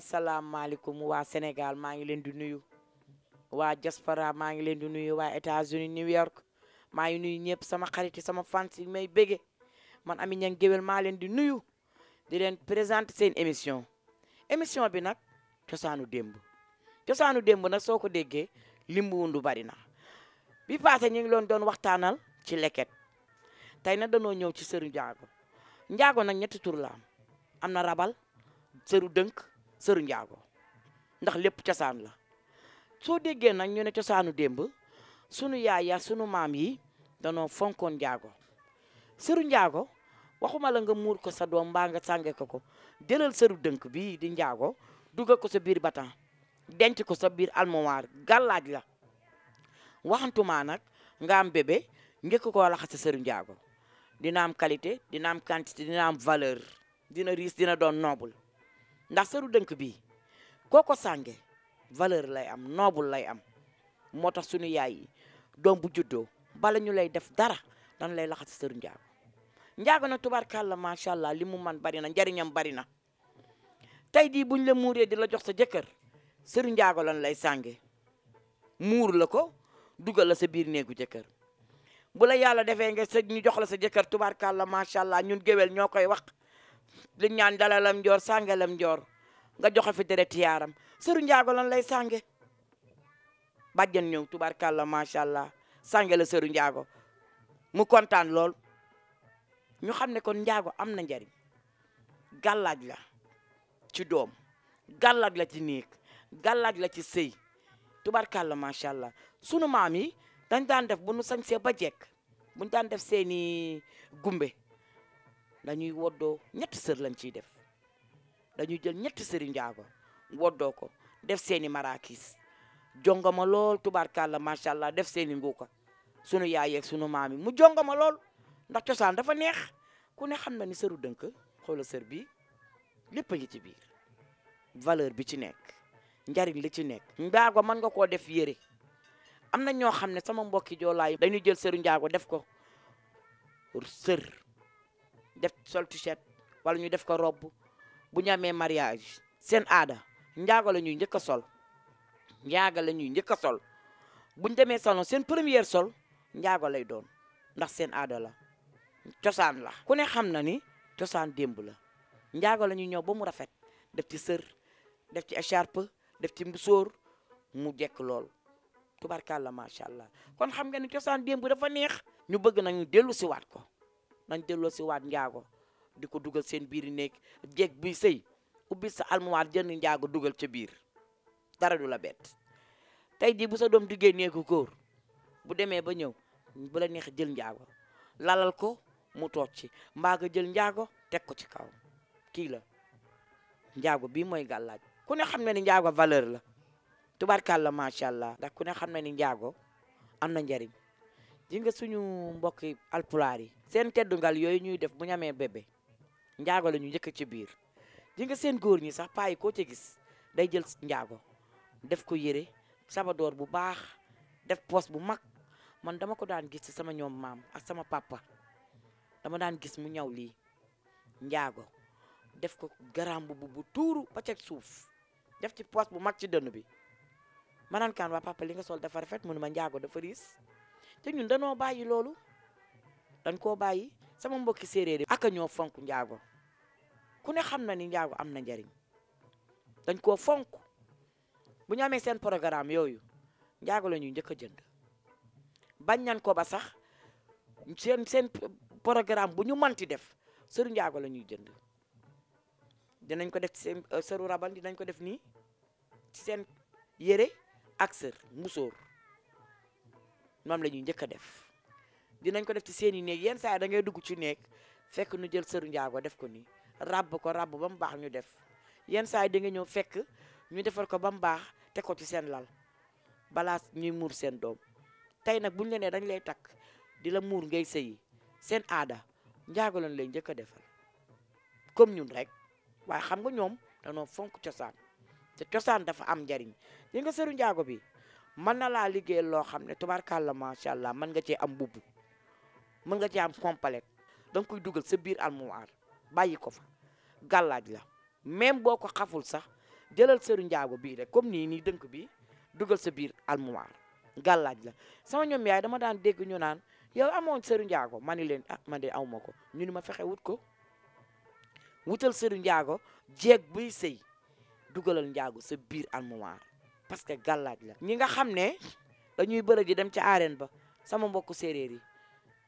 asalaamaaleykum waa Sénégal maa ngi leen di nuyu waa diaspora maa ngi leen di nuyu waa États-Unis New York maa ngi nuyu ñëpp sama xarit yi sama fans yi may bége man ami Niang Géwél maa leen di nuyu di leen présenter seen émission émission bi nag cosaanu démb cosaanu démb nag soo ko déggee limbu wundu bari na bi passé ñu ngi loon doon waxtaanal ci leket tey nag danoo ñëw ci sëru njaago njaago nag ñetti tur la am na rabal sëru dënk sëru njaago ndax lépp cosaan la soo déggee nag ñu ne cosaanu démb sunu yaay ya sunu maam yi danoo fonkoon njaago sëru njaago waxuma la nga muur ko sa doom mbaa nga sànge ko ko jëlal sëru dënk bi di njaago dugal ko sa biir batan denc ko sa biir almowaar gàllaaj la waxantumaa nag nga am bébé njëkk koo sëru njaago dina am qualité dina am quantité dina am valeur dina riis dina doon noble ndax seru dënk bii koo ko sànge valeur lay am noble lay am moo tax suñu yaay yi doom bu juddoo bala ñu lay def dara dañ lay laxas sëru njaago njaago na tubaarkàlla macha allah li mu man bari na njariñam bari na tey bu ñu la muuree di la jox sa jëkkër sëru njaago la lay sànge muur la ko dugal la sa biir néegu jëkkër bu la yàlla defee nga sa ñu jox la sa jëkkër tubaarkàlla macha allah ñun géwél ñoo koy wax liñ ñaan dalalam njoor sàngalam njoor nga joxe fi deret yaaram sëru njaago lan lay sànge bàjjen ñëw tubaarkàlla macha allah sànge la njaago mu kontaan lool ñu xam ne kon njaago am na njariñ gàllaaj la ci doom gàllaaj la ci néeg gàllaaj la ci sëy tubaarkàlla macha allah sunu maam yi dañ daan def bu nu sañsee ba jekk buñ daan def seeni gumbe dañuy woddoo ñetti sër lañ ciy def dañuy jël ñetti sëri njaago woddoo ko def seeni maraakis jongama lool tubaarkàlla macha allah def seeni nguuka sunu yaay ak sunu maam yi mu jongama lool ndax cosaan dafa neex ku ne xam na ni sëru dënk xoola sër bi lépp a ngi ci biir valeur bi ci nekk njariñ li ci nekk njaago mën nga koo def yére am na ñoo xam ne sama mbokki joolaayu dañuy jël sëru njaago def ko sër def sol t-shirt wala ñu def ko robb bu ñu amee mariage seen aada njaago la ñuy njëkk a sol njaaga la ñuy njëkk a sol bu ñu demee salon seen première sol njaago lay doon ndax seen aada la cosaan la ku ne xam na ni cosaan démb la njaago la ñuy ñëw ba mu rafet def ci sër def ci écharpe def ci mbusóor mu jekk lool tubarkàlla macha allah kon xam nga ni cosaan démb dafa neex ñu bëgg nañu dellu siwaat ko nañ delloo si waat njaago di ko dugal seen biir yi nekk jeeg bi sëy ubbi sa almuwaar jënd njaago dugal ca biir dara du la bett tey ji bu sa doom duggee néegu góor bu demee ba ñëw bu la neex jël njaago lalal ko mu toog ci mbaa jël njaago teg ko ci kaw kii la njaago bii mooy gàllaaj ku ne xam ne ni njaago valeur la tubaarkàlla macha allah ndax ku ne xam ne ni njaago am na njariñ ji nga suñu mbokk alpulaar sen teddu ngal yooyu ñuy def bu ñu bébé njaago la ñu njëkk ci biir ji nga seen góor ñi sax paayi koo ci gis day jël njaago def ko yére sabador bu baax def pos bu mag man dama ko daan gis ci sama ñoom mam. ak sama papa dama daan gis mu ñaw lii njaago def ko garambu bu bu tuuru ba ca suuf def ci pos bu mag ci dënn bi manan kan wa papa li nga sol dafa rafet mu ne ma njaago dafa riis te ñun danoo bàyyi loolu dañ koo bàyyi sama mbokki séeréer yi ak ñoo fonk njaago ku ne xam na ni njaago am na njariñ dañ koo fonk bu ñu amee seen programme yooyu njaago la ñuy njëkk a jënd bañ nañ ko ba sax seen seen programme bu ñu manti def sëru njaago la ñuy jënd dinañ ko def ci seen euh, sëru rabal di nañ ko def nii seen yére ak sër musóor moom la ñuy njëkk a def dinañ ko def ci seen i néeg yenn saa dangay dugg ci néeg fekk nu jël sëru njaago def ko nii ràbb ko ràbb ba mu baax ñu def yenn saa yi ñëw fekk ñu defar ko ba mu baax teg ko ci seen lal balaa ñuy muur seen doom tey nag buñu la nee dañ lay takk di la muur ngay sëyi seen aada njaago lañ lay njëkk a defal comme ñun rek waaye xam nga ñoom danoo fonk cosaan te cosaan dafa am njariñ li nga sëru njaago bi man na laa liggéeyal loo xam ne tubaarkàlla macha allah mën nga cee am mbubb mën nga cee am complet danga koy dugal sa biir almuwaar bàyyi ko fa gàllaaj la même boo ko xaful sax jëlal sëru njaago bii rek comme nii nii dënk bi dugal sa biir almuwaar gàllaaj la sama ñoom yaay dama daan dégg ñu naan yow amoon sëru njaago ma ni leen ah man de aw ko ñu ni ma fexe wut ko wutal sëru njaago jeeg buy sëy dugalal njaago sa biir almuwaar parce que gàllaaj la ñi nga xam ne dañuy bëre ji dem ci arène ba sama mbokku séeréer yi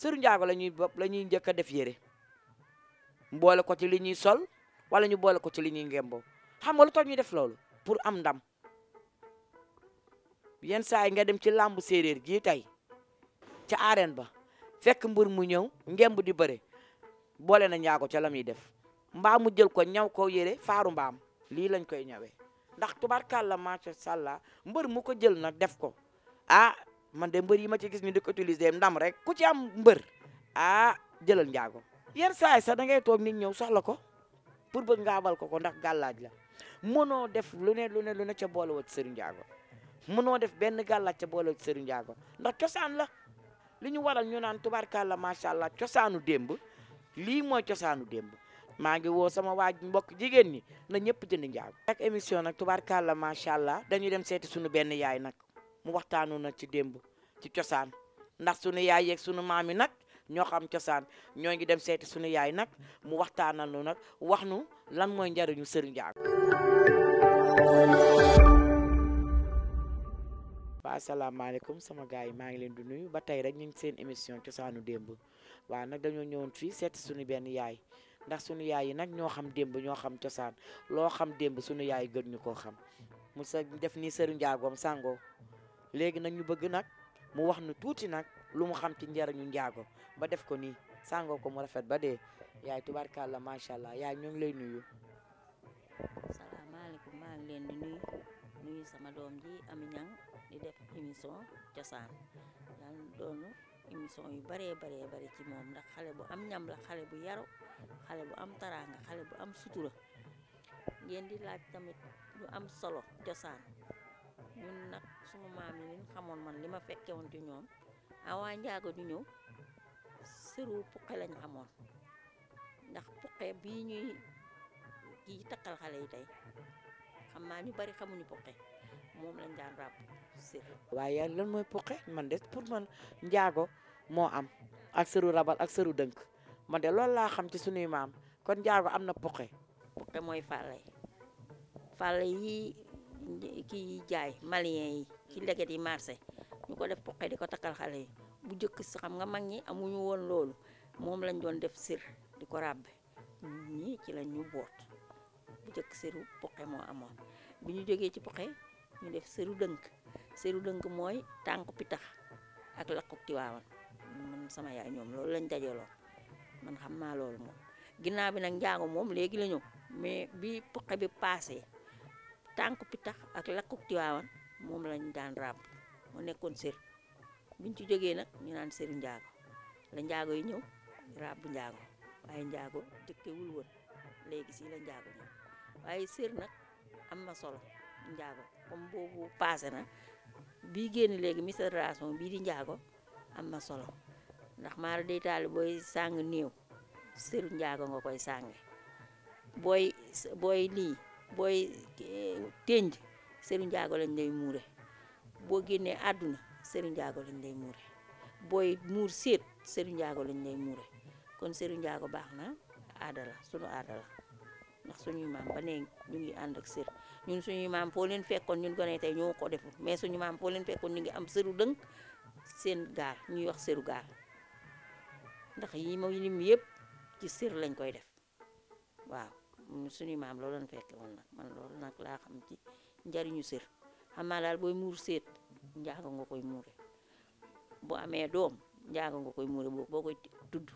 sëru njaago la ñuy bopp la ñuy njëkk a def yére boole ko ci li ñuy sol wala ñu boole ko ci li ñuy ngemboo xam nga lu tax ñuy def loolu pour am ndam yenn saa yi nga dem ci làmb séeréer jii tey ca arène ba fekk mbër mu ñëw ngemb di bëre boole na njaago ca la muy def mbaa mu jël ko ñaw ko yére faaru mbaam lii lañ koy ñawee ndax kalla macha allah mbër mu ko jël nag def ko ah man dembër yi ma ci gis ñu di ko utiliser ndam rek ku ci am mbër ah jëlal njaago yenn saay sax da ngay toog nit ñëw soxla ko pour bëgg nga ko ko ndax gàllaaj la mënoo def lu ne lu ne lu ne ca boole woo ci sëriñ njaago mënoo def benn gàllaaj ca boole woo ci sëriñ njaago ndax cosaan la li ñu waral ñu naan tubaarkàlla macha allah cosaanu démb lii mooy cosaanu démb maa ngi woo sama waaj mbokk jigéen ñi na ñëpp jënd njaago chaque émission nag tubaarkàlla macha allah dañuy dem seeti suñu benn yaay nag mu waxtaanu nag ci démb ci cosaan ndax suñu yaay yeeg suñu maam yi nag ñoo xam cosaan ñoo ngi dem seeti suñu yaay nag mu waxtaanal nu nag wax nu lan mooy njariñu sëriñ njaago waa asalaamaaleykum sama gaay yi maa ngi leen di nuyu ba tey rek ñu ngi seen émission cosaanu démb waa nag dañoo ñëwoon fii seeti suñu benn yaay ndax sunu yaay yi nag ñoo xam démb ñoo xam cosaan loo xam démb sunu yaay gën ñu koo xam mu se def ni sëru njaagoom sàngoo léegi nag ñu bëgg nag mu wax nu tuuti nag lu mu xam ci njariñu njaago ba def ko nii sàngoo ko mu rafet ba dee yaay tubaarkàlla macha allah yaay ñoo ngi lay nuyu maa ngi leen di sama doom ji ami ñang di def émission cosaan yàlla doonu émission yu baree baree bari ci moom ndax xale bu am ñam la xale bu yaru xale bu am taraanga xale bu am sutura ngeen di laaj tamit lu am solo cosaan ñun nag suma maam yi ñu xamoon man li ma fekke woon ci ñoom awaa njaago du ñëw sëru puqe lañ amoon ndax puqe bii ñuy ci takkal xale yi tey xam naa ñu bari xamuñu puqe moom lañ daan ràbb sër waaye lan mooy poqe man de pour man njaago moo am ak sëru rabal ak sëru dënk man de loolu laa xam ci suñuy maam kon njaago am na poqe poqe mooy fàlle fàlle yi kii jaay malien yi ci leget yi marché ñu ko def poqe di ko takkal xale yi bu njëkk si xam nga mag ñi amuñu woon loolu moom lañ doon def sër di ko ràbbe ci lañ ñu boot bu njëkk sëru poqe moo amoon bi ñu jegee ci poqe ñu def seru dënk seru dënk mooy tànku pitax ak lakku tiwaawan man sama yaay ñoom loolu lañ dajeloon man xam naa loolu moom ginnaaw bi nag njaago moom léegi la mais bi puqe bi paasee tànku pitax ak lakku tiwaawan moom lañ daan ràbb moo nekkoon sér biñ ci jógee nag ñu naan séru njaago la njaago yi ñëw ràbb njaago waaye njaago jëkkewul woon léegi si la njaago ñëw waaye sér nag am na solo njaago comme boobu passé na bii génn léegi miscération bii di njaago am na solo ndax maara day taali booy sàng néew sëru njaago nga koy sànge booy booy lii booy eh, tënj sëru njaago lañ lay muure boo génnee àdduna sëru njaago lañ lay muure booy muur séet sëru njaago lañ lay muure kon sëru njaago baax na aada la sunu aada ndax suñuy maam ba ne ñu ngi ànd ak ñun suñuy maam foo leen fekkoon ñun gone tey ñoo ko deful mais suñu maam foo leen fekkoon ñu ngi am sëru dënk seen gaal ñuy wax sëru gaal ndax yi ma lim yëpp ci sër lañ koy def waaw suñuy maam loolu lañ fekke woon nag man lool nag laa xam ci njariñu sër xam naa daal booy muur seet njaaga nga koy muure bu amee doom njaaga nga koy muure boo koy tudd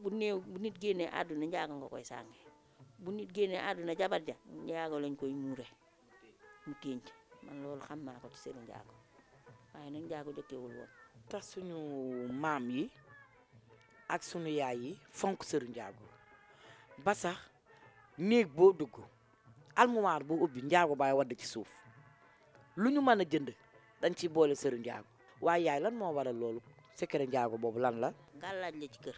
bu néew bu nit génnee àdduna njaaga nga koy sànge bu nit génnee àdduna jabar ja njaago lañ koy muure mu ténc man loolu xam naa ko ci seenu njaago waaye nag njaago jëkkewul woon tax suñu maam yi ak sunu yaay yi fonk sëru njaago ba sax néeg boo dugg almuwaar boo ubbi njaago baay wadd ci suuf lu ñu mën a jënd dañ ciy boole sëru njaago waaye yaay lan moo waral loolu secret njaago boobu lan la gàllaaj la ci kër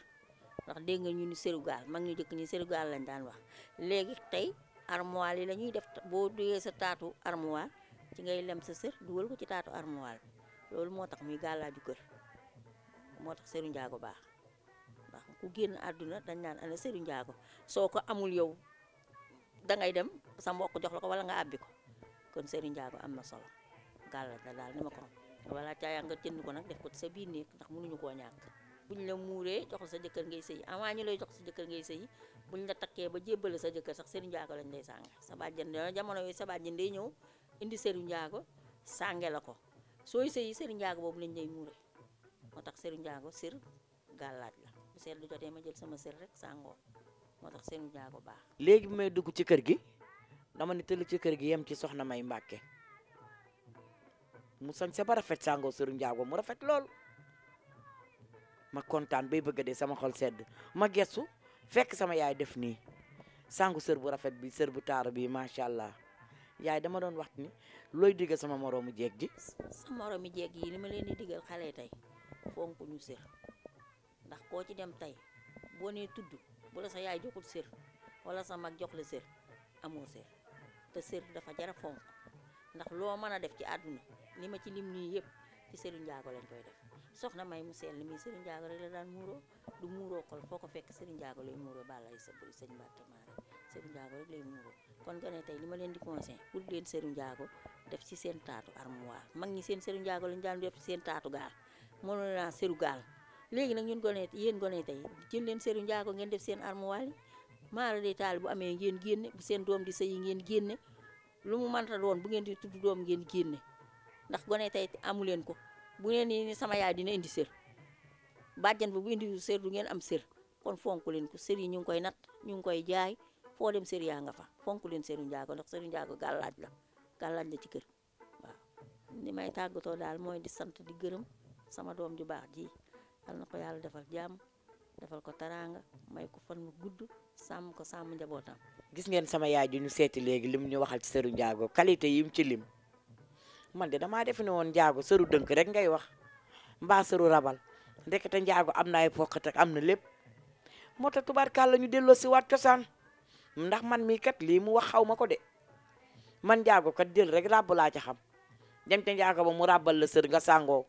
ndax dégg nga ñu ni Sénégal mag ñu jëkk ñi Sénégal lañ daan wax léegi tey armoire yi la ñuy def boo duyee sa taatu armoire ci ngay lem sa sër dugal ko ci taatu armoire loolu moo tax muy gàllaaju kër moo tax sëru njaago baax ndax ku àdduna dañ naan ana sëru njaago soo ko amul yow da ngay dem sa mbokk jox la wala nga àbbi ko kon sëru njaago am na solo gàllal la daal ni ma ko wala caayaa nga jënd ko nag def ko ci sa biir néeg ndax mënuñu koo ñàkk buñ la muuree jox la sa jëkkër ngay sëyi waa ñu lay jox sa jëkkër ngay bu buñ la takkee ba jébbale sa jëkkër sax sëriñ njaago lañ lay sàng sa bàjjen jamono yi sa bàjjen day ñëw indi sëriñ njaago sànge la ko sooy sëyi sëriñ njaago boobu lañ lay muure moo tax sëriñ njaago sër gàllaaj la bu seet lu jotee ma jël sama sër rek sàngoo moo tax sëriñ njaago baax léegi bi may dugg ci kër gi dama ne tëll ci kër gi yem ci soxna may Mbàkke mu sañ sa ba rafet sàngoo sëriñ njaago mu rafet lool ma kontaan bay bëgg dé sama xol sédd ma gessu fekk sama yaay def Sanggu sangu sœur bu rafet bi sœur bu tar bi sha allah yaay dama doon wax ni loy digal sama moromu jégg ji. sama moromu jégg yi li ma leen di digal xale tey fonk ñu sër ndax ko ci dem tay bo né tudd bu la sa yaay joxul sër wala sa mag jox la sër amo sër te sër dafa jara fonk ndax lo mëna def ci aduna ci yépp ci sëru lañ koy def. soxna may mu sell mi Serigne Ndiago rek la daan muuroo du muuroo xol foo ko fekk Serigne Ndiago lay muuroo bàllaay sa buri sëñ Mbatta rek lay muuroo kon nga ne tey li ma leen di conseil pour leen Serigne Ndiago def ci seen taatu armoire mag ñi seen Serigne Ndiago lañu daan def seen taatu gaal mënoon naa gaal léegi nag ñun gone yéen gone tey jël leen Serigne Ndiago ngeen def seen armoire yi maara day taal bu amee ngeen génne bu seen doom di sëyi ngeen génne lu mu mënta doon bu ngeen di tudd doom ngeen génne ndax gone tey amu leen ko bu ngeen ni sama yaay dina indi sër bàjjan ba bu indi sër du ngeen am sër kon fonk leen ko sër yi ñu ngi koy nat ñu ngi koy jaay foo dem sër yaa nga fa fonk leen sëru njaago ndax sëru njaago la gàllaaj la ci kër may tàggatoo daal mooy di sant di gërëm sama doom ju baax ji yal na ko yàlla defal jàmm defal ko taraanga may ko fan mu gudd sàmm ko sàmm njabootam. gis ngeen sama yaay ju ñu seeti léegi lim ñu waxal ci sëru njaago qualité yi ci lim. man de damaa defe ne woon njaago sëru dënk rek ngay wax mbaa sëru rabal ndekete njaago am na ay poqat am na lépp moo tax tubaarkaal la ñu delloo si waat cosaan ndax man mii kat lii mu wax xaw ma ko de man njaago kat dël rek ràbb laa ca xam dem ca njaago ba mu ràbbal la sër nga sàngoo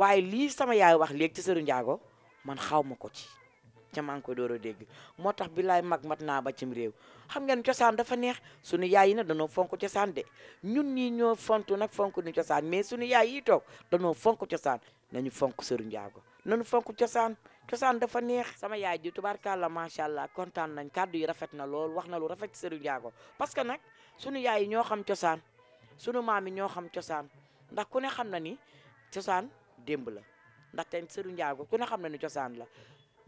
waaye lii sama yaay wax léegi ci sëru njaago man xaw ma ko ci ca maa ngi dégg moo tax billaay mag mat naa ba cim réew xam ngeen cosaan dafa neex sunu yaay yi nag danoo fonk cosaan de ñun ñi ñoo font nag fonk ni cosaan mais suñu yaay yi toog danoo fonk cosaan nañu fonk sëru njaago nañu fonk cosaan cosaan dafa neex sama yaay ji tubaarkàlla macha allah kontaan nañ kàddu yi rafet na lool wax na lu rafet sëru njaago parce que nag suñu yaay yi ñoo xam cosaan sunu maam yi ñoo xam cosaan ndax ku ne xam na ni cosaan démb la ndaxte sëru njaago ku ne xam na ni cosaan la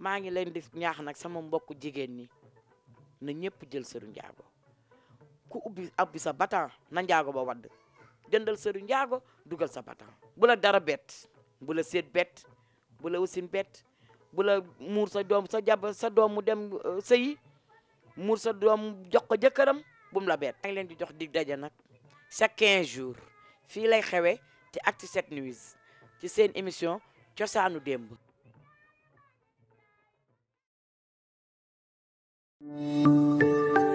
maa ngi leen di ñaax nag sama mbokku jigéen ñi na ñëpp jël sëru njaago ku ubbi abbi sa batan na njaago ba wadd jëndal sëru njaago dugal sa batan bu la dara bett bu la seet bett bu la wasin bett bu la muur sa doom sa jab sa doom mu dem euh, sëyi muur sa doom jox ko jëkkëram bu mu la bett maa leen di jox dig daje nag chaque 15 jours fii lay xewee te Actu 7 News ci seen émission cosaanu démb Thank you.